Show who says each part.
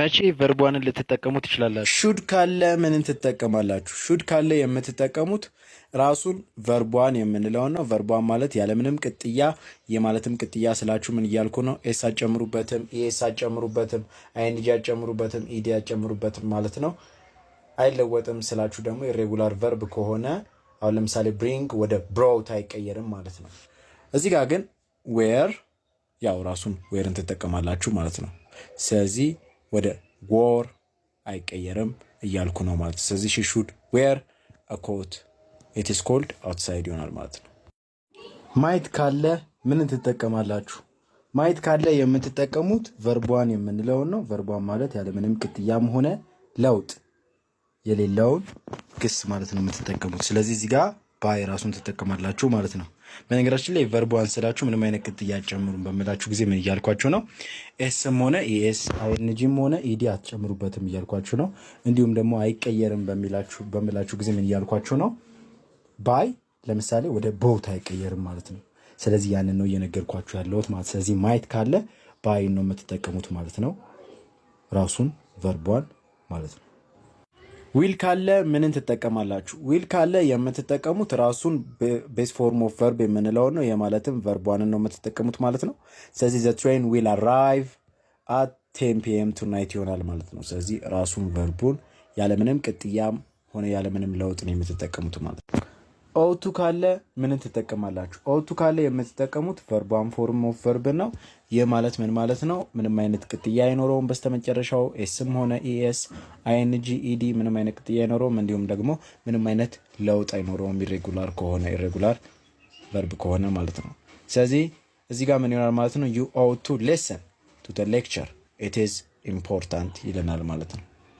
Speaker 1: መቼ ቨርቧንን ልትጠቀሙ ትችላላችሁ?
Speaker 2: ሹድ ካለ ምንን ትጠቀማላችሁ? ሹድ ካለ የምትጠቀሙት ራሱን ቨርቧን የምንለውን ነው። ቨርቧን ማለት ያለምንም ቅጥያ የማለትም ቅጥያ ስላችሁ ምን እያልኩ ነው? ኤስ አጨምሩበትም፣ ኤስ አጨምሩበትም፣ አይንጂ አጨምሩበትም፣ ኢዲ አጨምሩበትም ማለት ነው። አይለወጥም ስላችሁ ደግሞ ኢሬጉላር ቨርብ ከሆነ አሁን ለምሳሌ ብሪንግ ወደ ብሮውት አይቀየርም ማለት ነው። እዚህ ጋር ግን ዌር ያው ራሱን ዌርን ትጠቀማላችሁ ማለት ነው። ስለዚህ ወደ ጎር አይቀየርም እያልኩ ነው ማለት ስለዚህ ሺ ሹድ ዌር አ ኮት ኢትስ ኮልድ አውትሳይድ ይሆናል ማለት ነው።
Speaker 1: ማየት ካለ ምንን ትጠቀማላችሁ? ማየት ካለ የምትጠቀሙት ቨርቧን የምንለውን ነው። ቨርቧን ማለት ያለምንም ቅጥያም ሆነ ለውጥ የሌለውን ግስ ማለት ነው የምትጠቀሙት። ስለዚህ እዚህ ጋር ባይ ራሱን ትጠቀማላችሁ ማለት ነው። በነገራችን ላይ ቨርቡ አንስላችሁ ምንም አይነት ቅጥያ አትጨምሩም በምላችሁ ጊዜ ምን እያልኳችሁ ነው? ኤስም ሆነ ኤስ አይንጂም ሆነ ኢዲ አትጨምሩበትም እያልኳችሁ ነው። እንዲሁም ደግሞ አይቀየርም በምላችሁ ጊዜ ምን እያልኳችሁ ነው? ባይ ለምሳሌ ወደ ቦት አይቀየርም ማለት ነው። ስለዚህ ያንን ነው እየነገርኳችሁ ያለሁት ማለት ስለዚህ ማየት ካለ ባይ ነው የምትጠቀሙት ማለት ነው። ራሱን ቨርቧን ማለት ነው።
Speaker 2: ዊል ካለ ምንን ትጠቀማላችሁ? ዊል ካለ የምትጠቀሙት ራሱን ቤስ ፎርም ኦፍ ቨርብ የምንለውን ነው። የማለትም ቨርቧንን ነው የምትጠቀሙት ማለት ነው። ስለዚህ ዘ ትሬን ዊል አራይቭ አት ቴን ፒኤም ቱናይት ይሆናል ማለት ነው። ስለዚህ ራሱን ቨርቡን ያለምንም ቅጥያም ሆነ ያለምንም ለውጥ ነው የምትጠቀሙት ማለት ነው።
Speaker 1: ኦቱ ካለ ምንን ትጠቀማላችሁ? ኦቱ ካለ የምትጠቀሙት ቨርቧን ፎርም ኦፍ ቨርብ ነው። ይህ ማለት ምን ማለት ነው? ምንም አይነት ቅጥያ አይኖረውም። በስተመጨረሻው ኤስም ሆነ ኢኤስ፣ አይንጂ፣ ኢዲ ምንም አይነት ቅጥያ አይኖረውም። እንዲሁም ደግሞ ምንም አይነት ለውጥ አይኖረውም። ኢሬጉላር ከሆነ ኢሬጉላር ቨርብ ከሆነ ማለት ነው። ስለዚህ እዚህ ጋር ምን ይሆናል ማለት ነው? ዩ ኦቱ ሌሰን ቱ ሌክቸር ኢት ኢዝ ኢምፖርታንት ይለናል ማለት ነው።